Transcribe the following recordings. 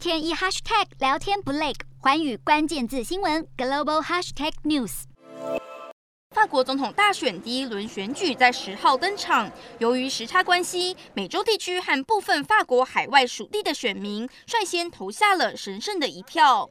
天一 hashtag 聊天不累，寰宇關鍵字新聞 global hashtag news。法國總統大選第一輪選舉在十號登場，由於時差關係，美洲地區和部分法國海外屬地的選民率先投下了神聖的一票。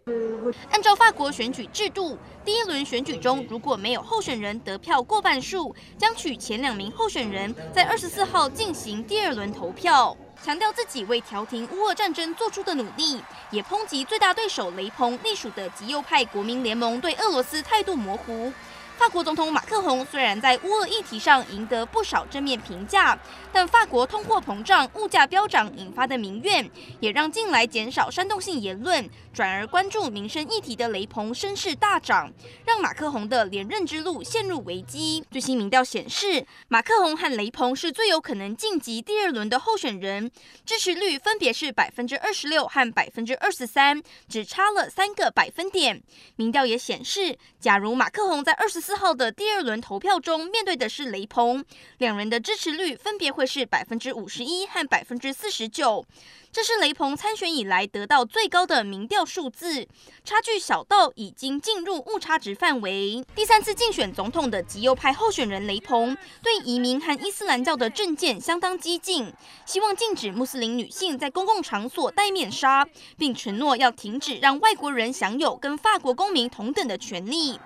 按照法國選舉制度，第一輪選舉中如果沒有候選人得票過半數，將取前兩名候選人，在二十四號進行第二輪投票。強調自己為調停烏俄戰爭做出的努力，也抨擊最大對手雷朋隸屬的極右派國民聯盟對俄羅斯態度模糊。法國總統馬克宏雖然在烏俄議題上贏得不少正面評價，但法國通貨膨脹、物價飆漲引發的民怨，也讓近來減少煽動性言論，轉而關注民生議題的雷朋聲勢大漲，讓馬克宏的連任之路陷入危機。最新民調顯示，馬克宏和雷朋是最有可能晉級第二輪的候選人，支持率分別是百分之二十六和百分之二十三，只差了三個百分點。民調也顯示，假如馬克宏在二十四，四號的第二輪投票中，面對的是雷朋，兩人的支持率分別會是百分之五十一和百分之四十九。這是雷朋參選以來得到最高的民調數字，差距小到已經進入誤差值範圍。第三次競選總統的極右派候選人雷朋，對移民和伊斯蘭教的政見相當激進，希望禁止穆斯林女性在公共場所戴面紗，並承諾要停止讓外國人享有跟法國公民同等的權利。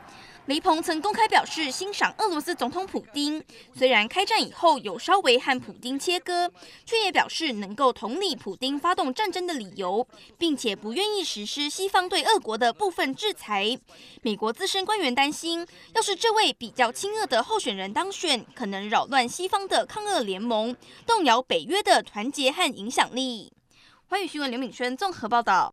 雷朋曾公開表示欣賞俄羅斯總統普丁，雖然開戰以後有稍微和普丁切割，卻也表示能夠同理普丁發動戰爭的理由，並且不願意實施西方對俄國的部分制裁。美國資深官員擔心，要是這位比較親俄的候選人當選，可能擾亂西方的抗俄聯盟，動搖北約的團結和影響力。華語新聞劉敏軒綜合報道。